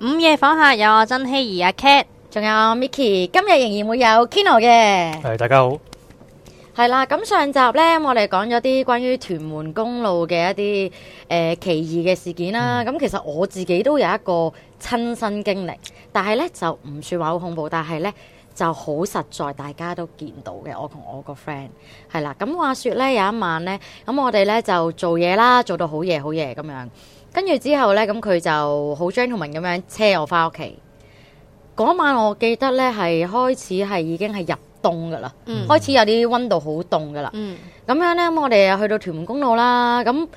午夜訪客有阿曾希儀阿 Cat，仲有阿 Micky，今日仍然會有 Kino 嘅。係大家好，係啦。咁上集呢，我哋講咗啲關於屯門公路嘅一啲、呃、奇異嘅事件啦。咁、嗯、其實我自己都有一個親身經歷，但係呢就唔算話好恐怖，但係呢就好實在，大家都見到嘅。我同我個 friend 係啦。咁話說呢，有一晚呢，咁我哋呢就做嘢啦，做到好夜好夜咁樣。跟住之後呢，咁佢就好 gentleman 咁樣車我翻屋企。嗰晚我記得呢，係開始係已經係入冬噶啦，嗯、開始有啲溫度好凍噶啦。咁、嗯、樣呢，咁我哋又去到屯門公路啦。咁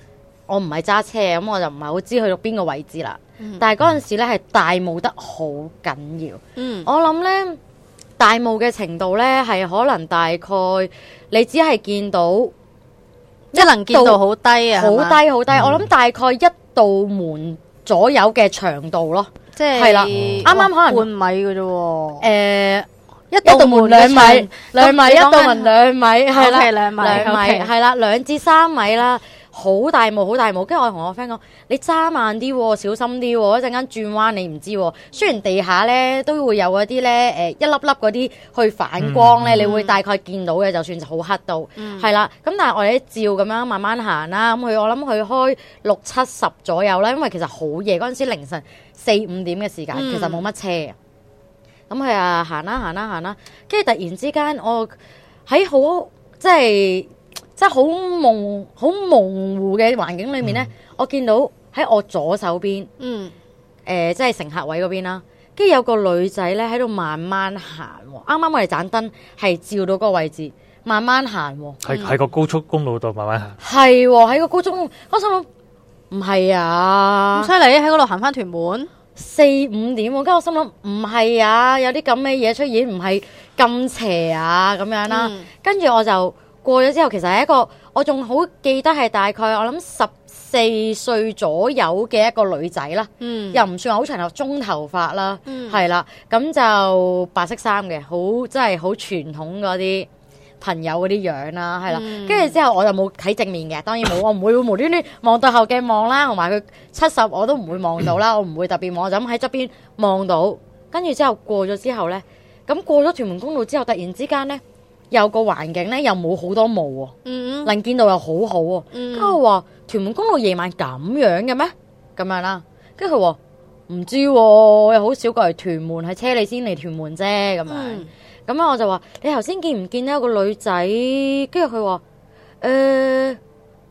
我唔係揸車，咁我就唔係好知去到邊個位置啦。嗯、但係嗰陣時呢，係大霧得好緊要。嗯、我諗呢，大霧嘅程度呢，係可能大概你只係見到一能見到好低啊，好低好吧低。我諗大概一。道門左右嘅長度咯，即係啱啱可能半米嘅啫，誒，一道門兩米，兩米一道門兩米，係啦，兩米，兩米係啦，兩至三米啦。好大霧，好大霧，跟住我同我 friend 講：你揸慢啲、喎，小心啲、喎，一陣間轉彎你唔知、喎。雖然地下咧都會有嗰啲咧，誒、呃、一粒粒嗰啲去反光咧，嗯、你會大概見到嘅，嗯、就算好黑到，係啦、嗯。咁但係我哋照咁樣慢慢行啦。咁佢我諗佢開六七十左右啦，因為其實好夜嗰陣時凌晨四五點嘅時間，嗯、其實冇乜車。咁佢啊行啦、啊、行啦、啊、行啦、啊，跟住突然之間我喺好即係。即係好朦好模糊嘅環境裏面呢，嗯、我見到喺我左手邊，誒、嗯呃，即係乘客位嗰邊啦。跟住有個女仔咧喺度慢慢行，啱啱我哋盞燈係照到個位置，慢慢行喎。喺喺是、嗯、個高速公路度慢慢行，哦。係喎，喺個高速公路，我心諗唔係啊，咁犀利喺嗰度行返屯門四五點，我跟住我心諗唔係啊，有啲咁嘅嘢出現，唔係咁邪啊咁樣啦。跟住、嗯、我就。過咗之後，其實係一個我仲好記得係大概我諗十四歲左右嘅一個女仔啦，又唔算話好長頭中頭髮啦，係啦，咁就白色衫嘅，好即係好傳統嗰啲朋友嗰啲樣啦，係啦。跟住之後我就冇睇正面嘅，當然冇，我唔會會無端端望到後鏡望啦，同埋佢七十我都唔會望到啦，我唔會特別望，就咁喺側邊望到。跟住之後過咗之後咧，咁過咗屯門公路之後，突然之間咧。有個環境咧又冇好多霧，哦，嗯、mm hmm. 能見度又好好，哦，嗯、mm，跟住話屯門公路夜晚咁樣嘅咩？咁樣啦，啊，跟住佢話唔知，哦，我又好少過嚟屯門，係車你先嚟屯門啫，咁樣，咁樣，mm hmm. 我就話你頭先見唔見到一個女仔？跟住佢話誒，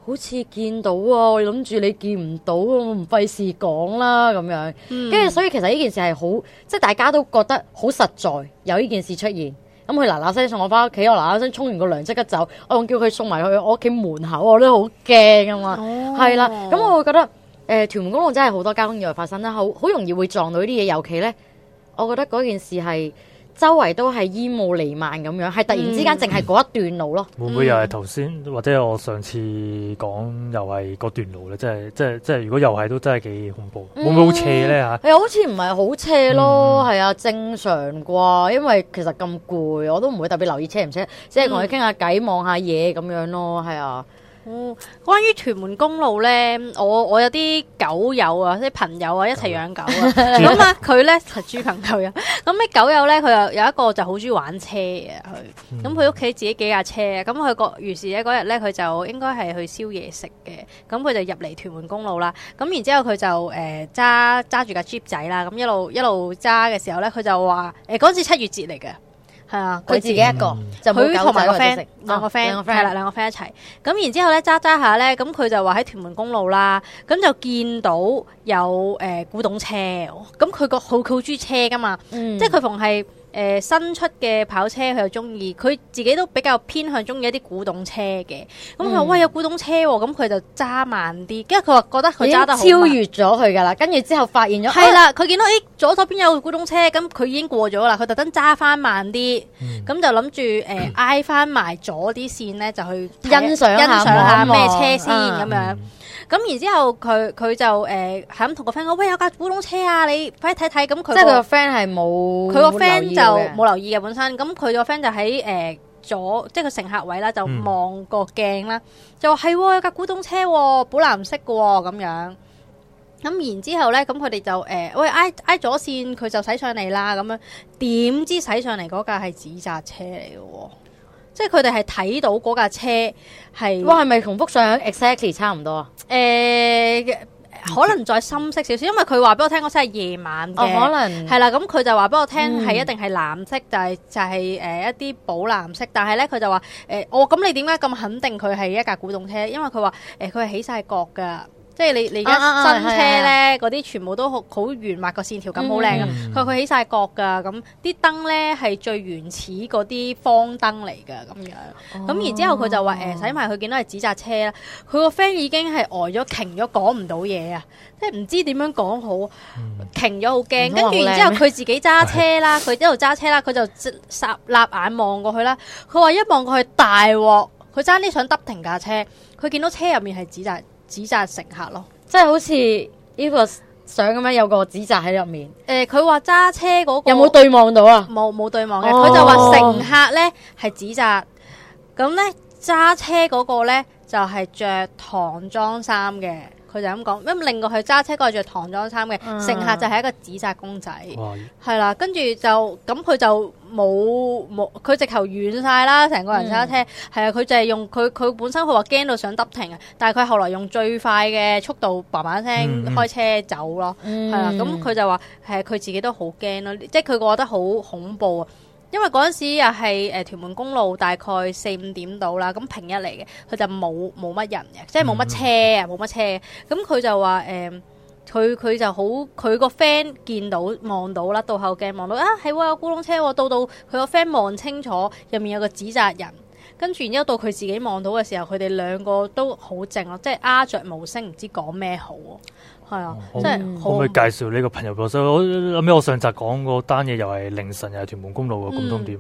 好似見到啊，我諗住你見唔到，我唔費事講啦，咁樣，跟住，mm hmm. 所以其實呢件事係好，即係大家都覺得好實在，有呢件事出現。咁佢嗱嗱聲送我翻屋企，我嗱嗱聲沖完個涼即刻走，我仲叫佢送埋去我屋企門口，我都好驚啊嘛，係啦、oh.，咁、嗯、我會覺得，誒、呃，屯門公路真係好多交通意外發生啦，好好容易會撞到呢啲嘢，尤其咧，我覺得嗰件事係。周圍都係煙霧瀰漫咁樣，係突然之間淨係嗰一段路咯。嗯、會唔會又係頭先，或者我上次講又係嗰段路咧？即係即係即係，如果又係都真係幾恐怖，嗯、會唔會好斜呢、哎、好斜咧嚇？又好似唔係好斜咯，係啊、嗯，正常啩？因為其實咁攰，我都唔會特別留意斜唔斜，即係同佢傾下偈、望下嘢咁樣咯，係啊。哦，關於屯門公路咧，我我有啲狗友啊，即係朋友啊，一齊養狗啊，咁啊，佢咧係豬朋友，咁咩 狗友咧，佢又有一個就好中意玩車嘅佢，咁佢屋企自己幾架車嘅，咁佢個於是咧，嗰日咧佢就應該係去宵夜食嘅，咁佢就入嚟屯門公路啦，咁然之後佢就誒揸揸住架 Jeep 仔啦，咁一路一路揸嘅時候咧，佢就話誒嗰次七月節嚟嘅。係啊，佢自己一個，佢同埋個 friend，兩、啊、個 friend，係啦，兩個 friend 一齊。咁然之後咧，揸揸下咧，咁佢就話喺屯門公路啦，咁就見到有誒、呃、古董車，咁佢個好鍾意車㗎嘛，嗯、即係佢逢係。誒新出嘅跑車佢又中意，佢自己都比較偏向中意一啲古董車嘅。咁佢話：嗯、喂，有古董車、哦，咁佢就揸慢啲。跟住佢話覺得佢揸得超越咗佢噶啦，跟住之後發現咗。係啦、啊，佢見到誒左手邊有古董車，咁佢已經過咗啦，佢特登揸翻慢啲，咁就諗住誒挨翻埋左啲線咧，就去欣賞欣賞下咩車先咁、嗯、樣。咁、嗯、然、嗯、之後佢佢就誒係咁同個 friend 講：喂，有架古董車啊！你快啲睇睇。咁佢即係佢個 friend 係冇佢個 friend。就冇留意嘅本身，咁佢個 friend 就喺誒、呃、左，即係個乘客位啦，就望個鏡啦，就話係、嗯哎、有架古董車，寶藍色嘅咁樣。咁然之後咧，咁佢哋就誒、呃、喂，挨挨左線，佢就駛上嚟啦。咁樣點知駛上嚟嗰架係紙紮車嚟嘅？即係佢哋係睇到嗰架車係，哇係咪同復上 exactly 差唔多啊？誒、呃。可能再深色少少，因為佢話俾我聽嗰車係夜晚嘅，係啦、哦，咁佢就話俾我聽係、嗯、一定係藍色，就係、是、就係、是、誒、呃、一啲寶藍色，但係咧佢就話誒，我、呃、咁、哦、你點解咁肯定佢係一架古董車？因為佢話誒，佢、呃、係起晒角噶。即係你你而家新車咧，嗰啲、啊啊啊、全部都好圓滑個線條感好靚嘅，佢佢、嗯、起晒角㗎，咁啲燈咧係最原始嗰啲方燈嚟㗎咁樣，咁然、哦、之後佢就話誒，使埋佢見到係紙紮車啦，佢個 friend 已經係呆咗停咗講唔到嘢啊，即係唔知點樣講好，停咗好驚，嗯、跟住然之後佢自己揸車啦，佢、嗯、一路揸車啦，佢的就霎立眼望過去啦，佢話一望過去大鑊，佢爭啲想揼停架車，佢見到車入面係紙紮。紙紮乘客咯，即係好似呢個相咁樣，有個紙紮喺入面。誒、呃，佢話揸車嗰、那個有冇對望到啊？冇冇對望嘅，佢、oh. 就話乘客咧係紙紮咁咧，揸車嗰個咧就係着唐裝衫嘅。佢就咁講，咁另外佢揸車嗰個著唐裝衫嘅、uh. 乘客就係一個紙紮公仔，係啦、uh.，跟住就咁佢就冇冇，佢直頭軟晒啦，成個人揸車係啊，佢、uh. 就係用佢佢本身佢話驚到想揼停啊，但係佢後來用最快嘅速度叭叭聲開車走咯，係啦、uh.，咁、嗯、佢就話係佢自己都好驚咯，即係佢覺得好恐怖啊。因為嗰陣時又係誒屯門公路大概四五點到啦，咁平日嚟嘅佢就冇冇乜人嘅，即係冇乜車啊，冇乜車。咁佢就話誒，佢、呃、佢就好，佢個 friend 見到望到啦，到後鏡望到啊，係喎有孤窿車喎，到到佢個 friend 望清楚入面有個紙紮人，跟住然之後到佢自己望到嘅時候，佢哋兩個都好靜咯，即係鴉雀無聲，唔知講咩好。係啊，即係可唔可以介紹呢個朋友俾我？所以我諗我上集講嗰單嘢又係凌晨，又係屯門公路嘅共通點。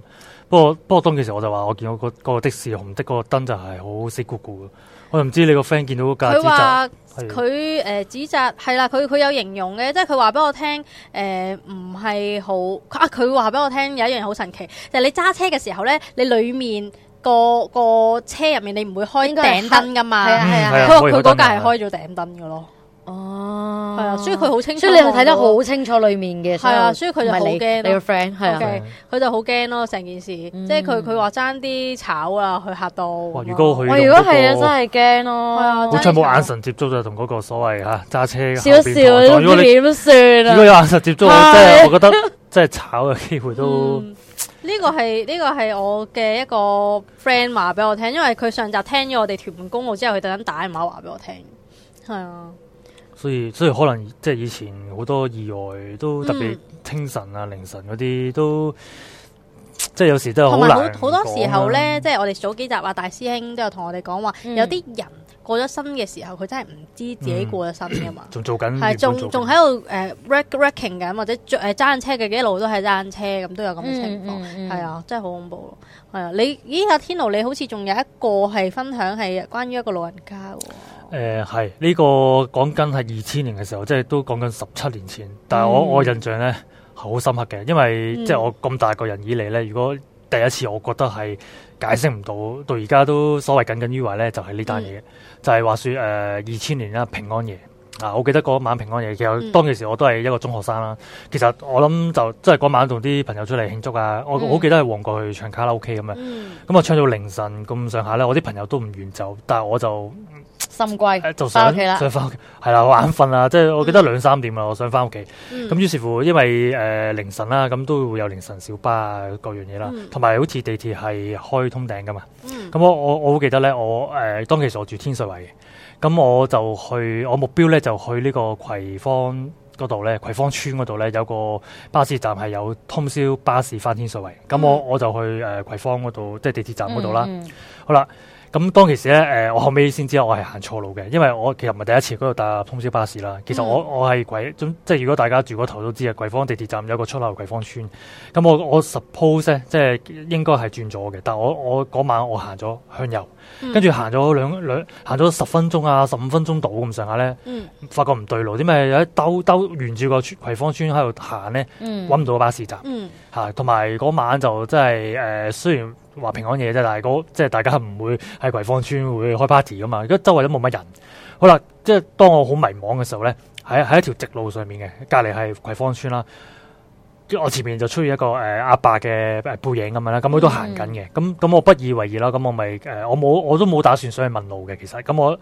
不過不過，當其時我就話我見到個的士紅的嗰個燈就係好死咕咕嘅。我又唔知你個 friend 見到架。佢話佢誒指責係啦，佢，佢有形容嘅，即係佢話俾我聽誒唔係好啊。佢話俾我聽有一樣好神奇，就係你揸車嘅時候咧，你裡面個個車入面你唔會開頂燈噶嘛？係啊係啊。佢話佢嗰架係開咗頂燈嘅咯。哦，係啊，所以佢好清楚。所以你睇得好清楚裏面嘅。係啊，所以佢就好驚，你個 friend 係啊，佢就好驚咯。成件事即係佢，佢話爭啲炒啊，佢嚇到。哇，如果佢如果係啊，真係驚咯。好彩冇眼神接觸就同嗰個所謂吓揸車，少少點算。如果有眼神接觸，即係我覺得即係炒嘅機會都，呢個係呢個係我嘅一個 friend 話俾我聽，因為佢上集聽咗我哋屯門公路之後，佢特登打電話話俾我聽，係啊。所以，所以可能即係以前好多意外都特別清晨啊、嗯、凌晨嗰啲都，即係有時都係好難。好多時候咧，樣即係我哋早幾集啊，大師兄都有同我哋講話，有啲人過咗身嘅時候，佢真係唔知自己過咗身噶嘛。仲、嗯、做緊係仲仲喺度誒，racking 嘅，uh, wreck ing, wreck ing, 或者誒揸緊車嘅，幾路都係揸緊車，咁都有咁嘅情況。係、嗯嗯嗯、啊，真係好恐怖。係啊，你咦？阿天奴，你好似仲有一個係分享係關於一個老人家喎。誒，係呢、呃、這個講緊係二千年嘅時候，即係都講緊十七年前，但係我我印象咧好深刻嘅，因為、嗯、即係我咁大個人以嚟咧，如果第一次我覺得係解釋唔到，到而家都所謂耿耿於懷咧，就係呢單嘢，嗯、就係話說誒二千年啊平安夜。嗱、啊，我記得嗰晚平安夜，其實當其時我都係一個中學生啦。其實我諗就即係嗰晚同啲朋友出嚟慶祝啊，我好記得係旺角去唱卡拉 OK 咁、嗯、樣，咁、嗯、啊唱到凌晨咁上下啦。我啲朋友都唔願走，但係我就心歸鮮、呃、就想翻屋企啦。係、嗯、啦，我眼瞓啦，即係我記得兩三點啦，我想翻屋企。咁、嗯、於是乎，因為誒、呃、凌晨啦、啊，咁都會有凌晨小巴啊，各樣嘢啦，同埋、嗯、好似地鐵係開通頂㗎嘛。咁我我我好記得咧，我誒當其時我住天水圍咁我就去，我目標咧就去呢個葵芳嗰度咧，葵芳村嗰度咧有個巴士站係有通宵巴士翻天水圍。咁我、嗯、我就去誒、呃、葵芳嗰度，即係地鐵站嗰度啦。嗯嗯好啦。咁當其時咧，誒、呃，我後尾先知道我係行錯路嘅，因為我其實唔係第一次喺嗰度搭通宵巴士啦。其實我、嗯、我係鬼，即係如果大家住嗰頭都知嘅，桂芳葵芳地鐵站有個出入口，葵芳村。咁、嗯嗯、我我 suppose 咧，即係應該係轉左嘅，但係我我嗰晚我行咗向右，跟住行咗兩兩行咗十分鐘啊，十五分鐘到。咁上下咧，發覺唔對路，點解有啲兜兜沿住個葵芳村喺度行咧，揾唔到巴士站嚇，同埋嗰晚就真係誒雖然。雖然話平安夜啫，但係嗰即係大家唔會喺葵芳村會開 party 噶嘛，如果周圍都冇乜人。好啦，即係當我好迷茫嘅時候呢，喺喺一條直路上面嘅，隔籬係葵芳村啦，啊。我前面就出現一個誒阿伯嘅背影咁樣啦，咁佢都行緊嘅，咁咁、嗯嗯嗯、我不以為意啦，咁、嗯、我咪誒我冇我都冇打算上去問路嘅其實，咁、嗯、我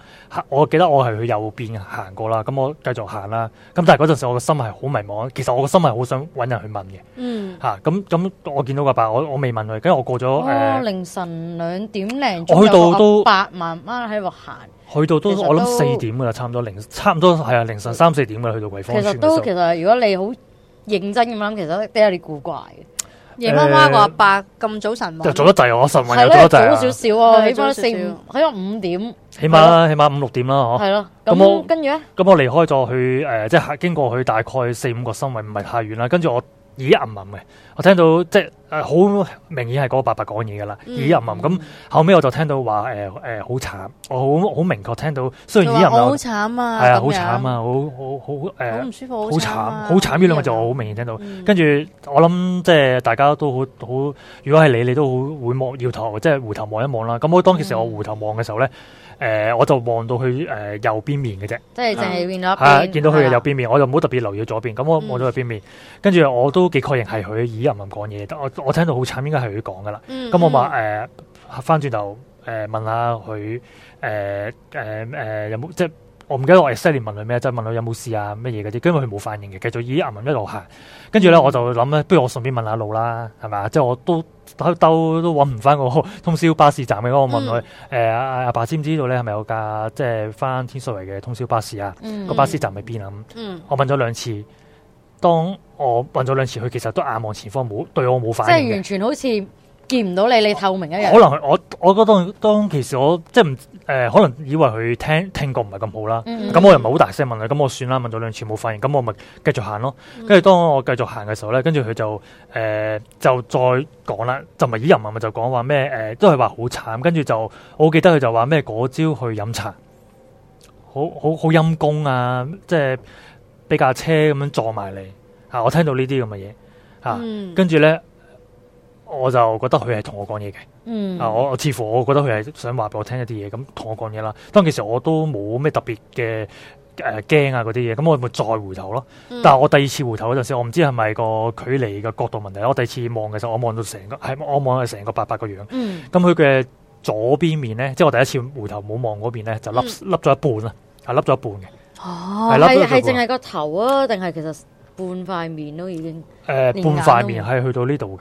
我記得我係去右邊行過啦，咁、嗯、我繼續行啦，咁、嗯嗯、但係嗰陣時我個心係好迷茫，其實我個心係好想揾人去問嘅，嗯嚇，咁咁我見到個阿伯，我我未問佢，跟住我過咗凌晨兩點零，我去到都八萬蚊喺度行，去到都我諗四點噶啦，差唔多零差唔多係啊凌晨三四點去到桂芳村。其實都其實如果你好。認真咁諗，其實都有啲古怪嘅。夜媽媽個阿伯咁早晨，就早得滯，我晨運，係咯，了早少少、啊、了起翻四，起碼碼五點，了起碼啦，起碼五六點啦，嗬我，係咯。咁跟住咧，咁我離開咗去誒，即係經過去大概四五個身位，唔係太遠啦。跟住我。耳吟吟嘅，嗯嗯、我聽到即係好、呃、明顯係嗰個伯伯講嘢㗎喇，耳吟吟咁，後尾我就聽到話誒誒，好慘，我好好明確聽到，雖然耳吟吟，係啊好慘啊，好好好誒，好唔舒服，好慘，好慘呢兩個就我好明顯聽到，跟住、嗯、我諗即係大家都好好，如果係你，你都好會望搖頭，即係回頭望一望啦。咁我當其時我回頭望嘅時候咧。嗯誒、呃，我就望到佢誒、呃、右邊面嘅啫，即係淨係見到一見到佢嘅右邊面，我就冇特別留意左邊。咁我望咗右邊面，跟住我都幾確認係佢耳唔聞講嘢，我我聽到好慘，應該係佢講㗎啦。咁我話誒，返轉頭誒問下佢誒誒誒有冇即？呃呃呃即我唔記得我 exactly 問佢咩，就係問佢有冇事啊，乜嘢嗰啲，根本佢冇反應嘅，繼續咦眼問一路行，跟住咧我就諗咧，不如我順便問下路啦，係咪？即係我都兜都揾唔翻個通宵巴士站嘅咯，我問佢誒阿爸知唔知道咧係咪有架即係翻天水圍嘅通宵巴士啊？個、嗯、巴士站喺邊啊？嗯、我問咗兩次，當我問咗兩次佢，其實都眼望前方冇對我冇反應即係完全好似。見唔到你，你透明一樣。可能我我覺得當其時我即係唔、誒，可能以為佢聽聽覺唔係咁好啦。咁、嗯嗯、我又唔係好大聲問佢，咁我算啦。問咗兩次冇反應，咁我咪繼續行咯。跟住當我繼續行嘅時候咧，跟住佢就誒、呃、就再講啦，就唔係以人為本就講話咩誒，都係話好慘。跟住就我記得佢就話咩嗰朝去飲茶，好好好陰功啊！即係俾架車咁樣撞埋嚟。啊！我聽到呢啲咁嘅嘢啊，跟住咧。我就覺得佢係同我講嘢嘅，嗯、啊我我似乎我覺得佢係想話俾我聽一啲嘢，咁同我講嘢啦。當其時我都冇咩特別嘅誒驚啊嗰啲嘢，咁、呃、我咪再回頭咯。但係我第二次回頭嗰陣時，我唔知係咪個距離嘅角度問題。我第二次望嘅時候我、哎，我望到成個係我望係成個白白個樣。咁佢嘅左邊面咧，即係我第一次回頭冇望嗰邊咧，就凹凹咗一半啦，係凹咗一半嘅。哦，係係淨係個頭啊？定係其實半塊面都已經？誒、呃，半塊面係去到呢度嘅。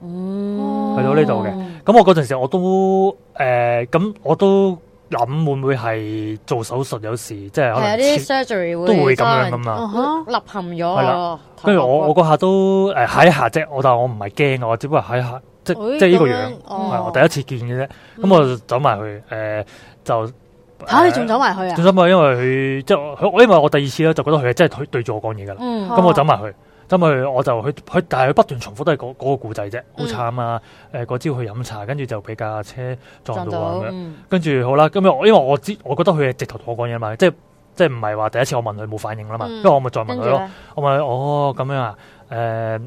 哦，去到呢度嘅，咁我嗰陣時我都誒，咁我都諗會唔會係做手術有事，即係可能。係啲 surgery 會都會咁樣噶啊，立凹陷咗。係啦，跟住我我嗰下都誒睇下啫，我但係我唔係驚，我只不過喺下即即呢個樣，係我第一次見嘅啫。咁我走埋去誒，就吓你仲走埋去啊？仲走埋，因為佢即係因為我第二次咧，就覺得佢真係對住我講嘢噶啦。嗯，咁我走埋去。咁佢我就佢佢，但係佢不斷重複都係嗰個故仔啫，好慘啊！誒、嗯呃，嗰、那、朝、個、去飲茶，跟住就俾架車撞到啊！咁樣，跟、嗯、住好啦，咁樣，因為我知，我覺得佢係直頭同我講嘢嘛，即係即係唔係話第一次我問佢冇反應啦嘛，因為、嗯、我咪再問佢咯，我咪哦咁樣啊。誒，吓、呃，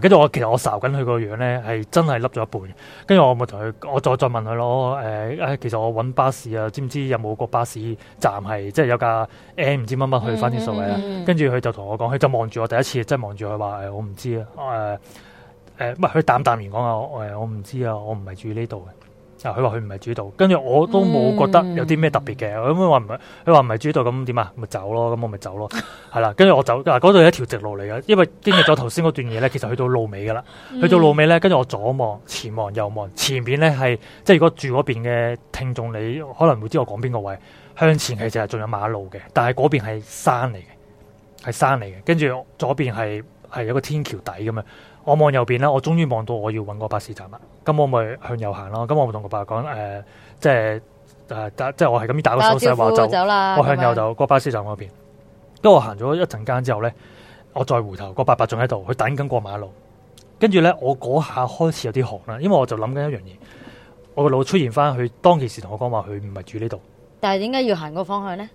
跟、啊、住我其實我睄緊佢個樣咧，係真係凹咗一半。跟住我咪同佢，我再再問佢咯。誒，誒，其實我揾、呃、巴士啊，知唔知有冇個巴士站係即係有架 M 唔知乜乜去翻啲所謂咧？嗯嗯嗯、跟住佢就同我講，佢就望住我第一次，即係望住佢話，誒、呃，我唔知啊，誒、呃，誒、呃，佢、呃呃、淡淡然講啊，誒、呃，我唔知啊，我唔係住呢度嘅。佢話佢唔係主導，跟住我都冇覺得有啲咩特別嘅。咁佢話唔佢話唔係主導，咁點啊？咪走咯！咁我咪走咯，係啦。跟住我走嗱，嗰度有一條直路嚟嘅。因為經歷咗頭先嗰段嘢咧，其實去到路尾噶啦，去到路尾咧，跟住我左望、前望、右望，前面咧係即係如果住嗰邊嘅聽眾，你可能會知我講邊個位。向前其實係仲有馬路嘅，但係嗰邊係山嚟嘅，係山嚟嘅。跟住左邊係係有個天橋底咁樣。我望右邊啦，我終於望到我要搵個巴士站啦。咁我咪向右行咯。咁我咪同個伯講，誒、呃，即係誒、呃、即係、呃、我係咁樣打個手勢話走，我向右走了，個巴士站嗰邊。跟住我行咗一陣間之後咧，我再回頭，個伯伯仲喺度，佢等緊過馬路。跟住咧，我嗰下開始有啲寒啦，因為我就諗緊一樣嘢，我個腦出現翻佢當其時同我講話，佢唔係住呢度。但係點解要行個方向咧？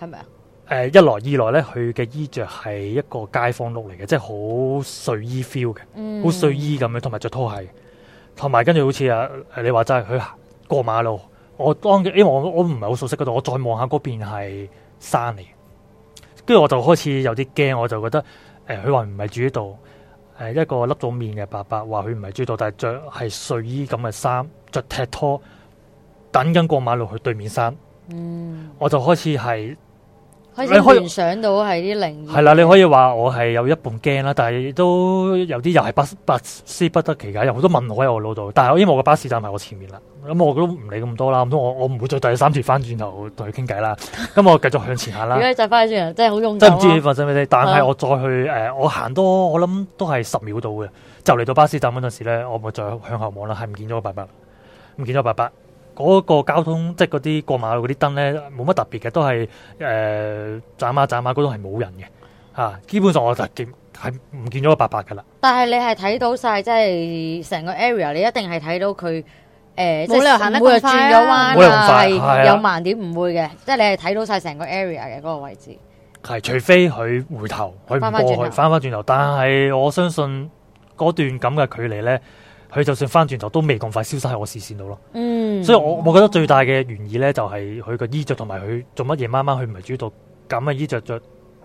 係咪啊？誒，一來二來咧，佢嘅衣着係一個街坊 look 嚟嘅，即係好睡衣 feel 嘅，好、嗯、睡衣咁樣，同埋着拖鞋，同埋跟住好似啊，你話真係佢行過馬路，我當因為我我唔係好熟悉嗰度，我再望下嗰邊係山嚟，跟住我就開始有啲驚，我就覺得誒，佢話唔係住呢度，誒、呃、一個凹咗面嘅伯伯話佢唔係住度，但係着係睡衣咁嘅衫，着踢拖，等緊過馬路去對面山，嗯，我就開始係。你可以聯想到係啲靈異。係啦，你可以話我係有一半驚啦，但係都有啲又係不不思不得其解，有好多問我喺我腦度。但係因為我嘅巴士站喺我前面啦，咁、嗯、我都唔理咁多啦。咁我我唔會再第三次翻轉頭同佢傾偈啦。咁 我繼續向前行啦。 如果就翻轉頭，啊、真係好用。真係唔知你發生咩事，但係我再去誒、呃，我行多我諗都係十秒度嘅，就嚟到巴士站嗰陣時咧，我咪再向後望啦，係唔見咗個伯伯唔見咗伯伯。嗰個交通即係嗰啲過馬路嗰啲燈咧，冇乜特別嘅，都係誒、呃、眨下眨下，嗰度係冇人嘅嚇、啊。基本上我就見係唔見咗個伯伯嘅啦。但係你係睇到晒，即係成個 area，你一定係睇到佢誒，冇、呃、理由行得咁快啊！冇理由咁快、啊，係有慢點唔會嘅，即係、啊、你係睇到晒成個 area 嘅嗰、那個位置。係除非佢回頭，佢唔過去翻翻轉頭,回回頭，但係我相信嗰段咁嘅距離咧。佢就算翻轉頭都未咁快消失喺我視線度咯，嗯、所以我我覺得最大嘅原意咧，就係佢個衣着同埋佢做乜嘢。夜晚佢唔係主導咁嘅衣着着，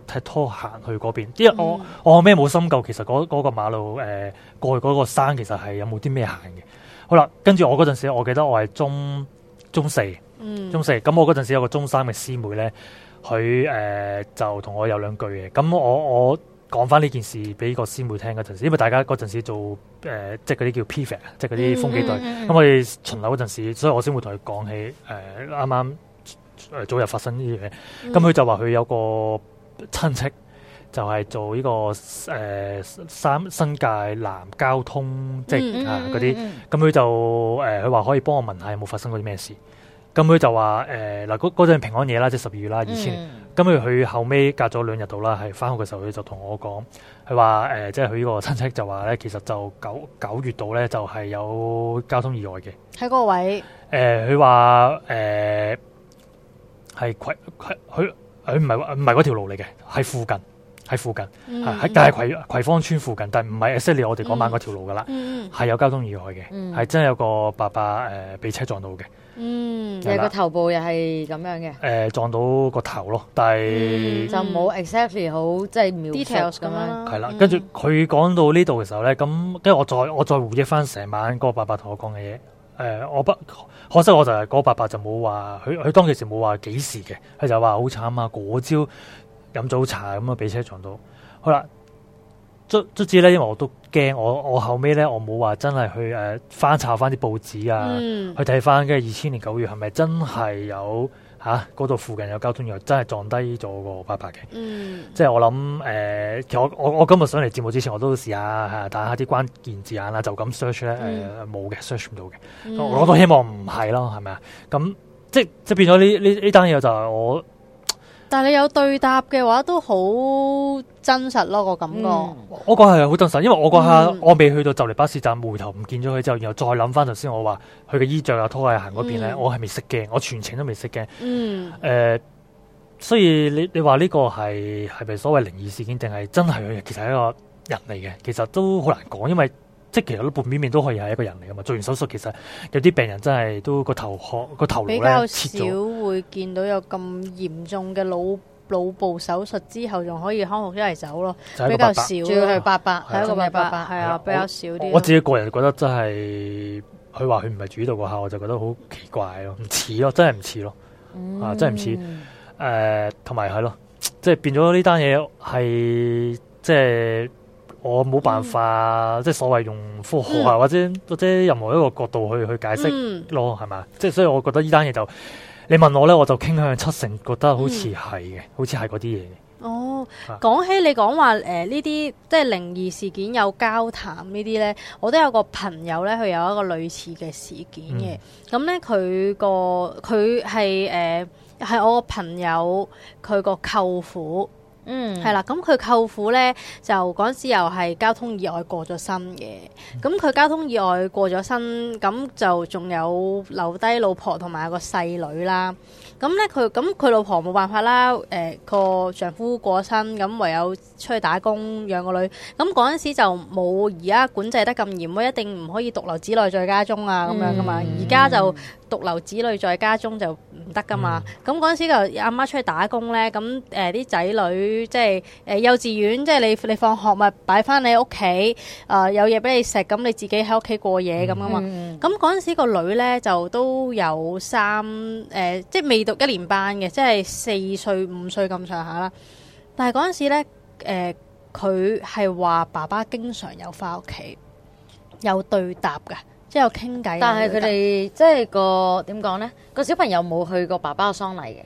踢拖行去嗰邊。因為我、嗯、我咩冇深究，其實嗰嗰個馬路誒、呃、過去嗰個山其實係有冇啲咩行嘅。好啦，跟住我嗰陣時，我記得我係中中四，嗯、中四，咁我嗰陣時有個中三嘅師妹咧，佢誒、呃、就同我有兩句嘅，咁我我。我講翻呢件事俾個師妹聽嗰陣時，因為大家嗰陣時做誒、呃，即係嗰啲叫 PVR，即係嗰啲風紀隊。咁、嗯嗯嗯、我哋巡樓嗰陣時，所以我先會同佢講起誒啱啱早日發生呢樣嘢。咁、嗯、佢、嗯、就話佢有個親戚就係、是、做呢、這個誒、呃、三新界南交通，即係嗰啲。咁、啊、佢、嗯嗯嗯嗯、就誒，佢、呃、話可以幫我問下有冇發生過啲咩事。咁佢、嗯、就話誒嗱，嗰陣平安夜啦，即係十二月啦，二千年。咁佢佢後尾隔咗兩日到啦，係翻學嘅時候，佢就同我講，佢話誒，即係佢呢個親戚就話咧，其實就九九月度咧就係有交通意外嘅。喺嗰個位誒、呃，佢話誒係係佢佢唔係唔係嗰條路嚟嘅，係附近。喺附近，但係葵葵芳村附近，但係唔係 exactly 我哋嗰晚嗰條路噶啦，係有交通意外嘅，係真係有個爸爸誒被車撞到嘅，嗯，係個頭部又係咁樣嘅，誒撞到個頭咯，但係就冇 exactly 好即係 details 咁樣，係啦，跟住佢講到呢度嘅時候咧，咁跟住我再我再回憶翻成晚個爸爸同我講嘅嘢，誒，我不可惜我就係嗰個爸爸就冇話，佢佢當其時冇話幾時嘅，佢就話好慘啊，嗰朝。飲早茶咁啊，俾車撞到。好啦，卒足之咧，因為我都驚，我我後尾咧，我冇話真係去誒、呃、翻查翻啲報紙啊，嗯、去睇翻，即係二千年九月係咪真係有吓嗰度附近有交通又真係撞低咗個伯伯嘅？嗯、即係我諗誒，其、呃、實我我我今日上嚟節目之前我試試，我都試下打下啲關鍵字眼啦，就咁 search 咧，誒冇嘅，search 唔到嘅。嗯、我都希望唔係咯，係咪啊？咁即即，即變咗呢呢呢單嘢就係我。但係你有對答嘅話，都好真實咯個感、嗯嗯、覺。我覺係好真實，因為我個下、嗯、我未去到就嚟巴士站，回頭唔見咗佢之後，然後再諗翻頭先我話佢嘅衣着呀拖鞋行嗰邊咧，嗯、我係未識驚，我全程都未識驚。嗯，誒、呃，所以你你話呢個係係咪所謂靈異事件，定係真係其實係一個人嚟嘅？其實都好難講，因為。即其實啲半邊面都可以係一個人嚟噶嘛，做完手術其實有啲病人真係都個頭殼個頭腦，比較少會見到有咁嚴重嘅腦腦部手術之後仲可以康復出嚟走咯，比較少，主要係八八係一個八八係啊，比較少啲。我自己個人覺得真係佢話佢唔係主導個客，我就覺得好奇怪咯，唔似咯，真係唔似咯，啊真係唔似誒，同埋係咯，即係變咗呢單嘢係即係。我冇辦法，即係所謂用科學啊，或者或者任何一個角度去去解釋咯，係嘛？即係所以我覺得呢單嘢就你問我咧，我就傾向七成覺得好似係嘅，好似係嗰啲嘢。哦，講起你講話誒呢啲即係靈異事件有交談呢啲咧，我都有個朋友咧，佢有一個類似嘅事件嘅。咁咧佢個佢係誒係我個朋友，佢個舅父。嗯，係啦，咁佢舅父咧就嗰陣時又係交通意外過咗身嘅，咁佢交通意外過咗身，咁就仲有留低老婆同埋有個細女啦。咁咧佢咁佢老婆冇辦法啦，誒個丈夫過身，咁唯有出去打工養個女。咁嗰陣時就冇而家管制得咁嚴，我一定唔可以獨留子女在家中啊，咁樣噶嘛。而家就獨留子女在家中就唔得噶嘛。咁嗰陣時就阿媽出去打工咧，咁誒啲仔女即係誒幼稚園，即係你你放學咪擺翻你屋企，誒有嘢俾你食，咁你自己喺屋企過夜咁啊嘛。咁嗰陣時個女咧就都有三誒，即係未讀。一年班嘅，即係四歲五歲咁上下啦。但係嗰陣時咧，誒、呃，佢係話爸爸經常有翻屋企，有對答㗎，即係有傾偈。但係佢哋即係個點講咧？呢個小朋友冇去過爸爸嘅喪禮嘅。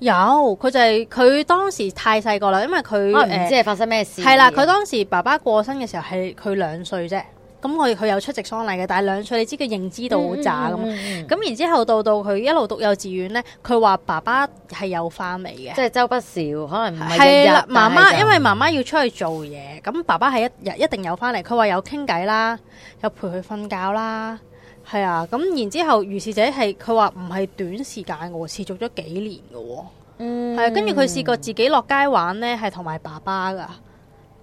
有，佢就係、是、佢當時太細個啦，因為佢唔知係發生咩事，呃。係、啊、啦，佢當時爸爸過身嘅時候係佢兩歲啫。咁我佢有出席喪禮嘅，但係兩歲你知佢認知度好渣咁。咁、嗯嗯嗯嗯、然之後到到佢一路讀幼稚園咧，佢話爸爸係有翻嚟嘅，即係周不時可能唔係日日。係啦，媽媽因為媽媽要出去做嘢，咁爸爸係一日一定有翻嚟。佢話有傾偈啦，有陪佢瞓覺啦，係啊。咁然之後是是，如是者係佢話唔係短時間嘅，持續咗幾年嘅。嗯、嗯，係跟住佢試過自己落街玩咧，係同埋爸爸噶。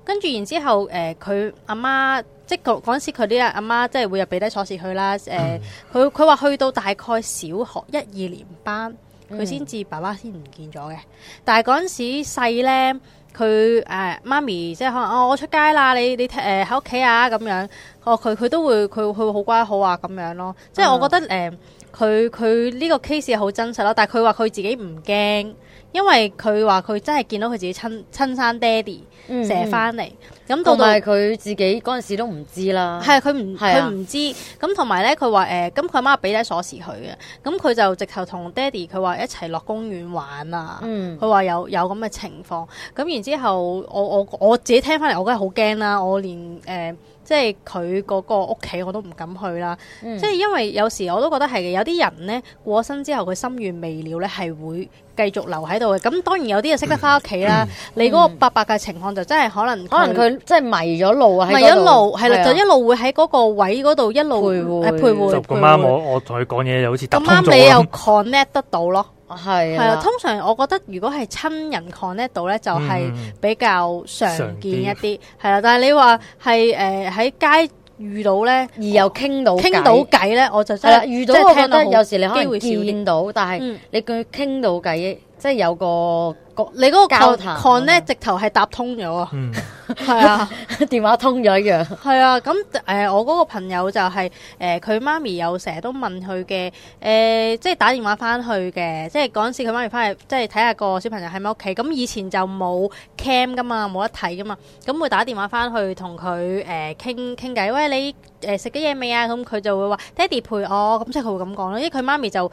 跟住，然之後，誒佢阿媽即係嗰陣時媽媽，佢啲阿阿媽即係會入畀低鎖匙去啦。誒、呃，佢佢話去到大概小學一二年班，佢先至爸爸先唔見咗嘅。但係嗰陣時細咧，佢誒媽咪即係可能我我出街啦，你你誒喺屋企啊咁樣。哦，佢佢都會佢佢會好乖好啊咁樣咯。嗯、即係我覺得誒，佢佢呢個 case 係好真實咯。但係佢話佢自己唔驚，因為佢話佢真係見到佢自己親親生爹哋。射翻嚟，咁、嗯嗯、到到達佢自己嗰陣時都唔知啦。係佢唔佢唔知，咁同埋咧佢話誒，咁佢阿媽俾低鎖匙佢嘅，咁佢就直頭同爹哋佢話一齊落公園玩啊。佢話、嗯、有有咁嘅情況，咁然之後我我我自己聽翻嚟，我覺得好驚啦！我連誒、呃、即係佢嗰個屋企我都唔敢去啦。即係、嗯、因為有時我都覺得係有啲人咧過身之後，佢心願未了咧係會繼續留喺度嘅。咁當然有啲就識得翻屋企啦。嗯嗯嗯、你嗰個伯伯嘅情況。就真係可能，可能佢即係迷咗路啊！迷咗路係啦，就一路會喺嗰個位嗰度一路徘徊徘徊。咁啱我我同佢講嘢又好似咁啱你又 connect 得到咯，係係啊。通常我覺得如果係親人 connect 到咧，就係比較常見一啲係啦。但係你話係誒喺街遇到咧，而又傾到傾到偈咧，我就真係遇到我覺得有時你可以見到，但係你佢傾到偈。即係有個，個你嗰個教堂 connect 直頭係搭通咗、嗯、啊！係啊，電話通咗一樣。係啊，咁誒、呃、我嗰個朋友就係誒佢媽咪有成日都問佢嘅誒，即係打電話翻去嘅，即係嗰陣時佢媽咪翻去即係睇下個小朋友喺咪屋企。咁以前就冇 cam 噶嘛，冇得睇噶嘛，咁會打電話翻去同佢誒傾傾偈。喂，你誒食咗嘢未啊？咁、呃、佢就會話：爹哋陪我。咁即係佢會咁講咯，因為佢媽咪就。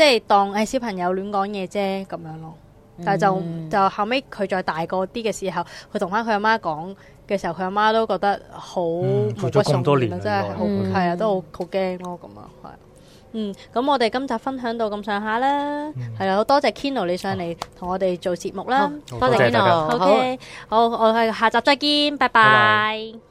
即係當誒，小朋友亂講嘢啫，咁樣咯。但係就、嗯、就後尾佢再大個啲嘅時候，佢同翻佢阿媽講嘅時候，佢阿媽都覺得好，過咗咁多年真係好，係啊、嗯，都好好驚咯，咁啊，係。嗯，咁我哋今集分享到咁、嗯、上下啦，係啦、嗯，好多謝 Kenno 你上嚟同我哋做節目啦，多謝 Kenno。Okay, 好，好，我哋下集再見，拜拜。拜拜。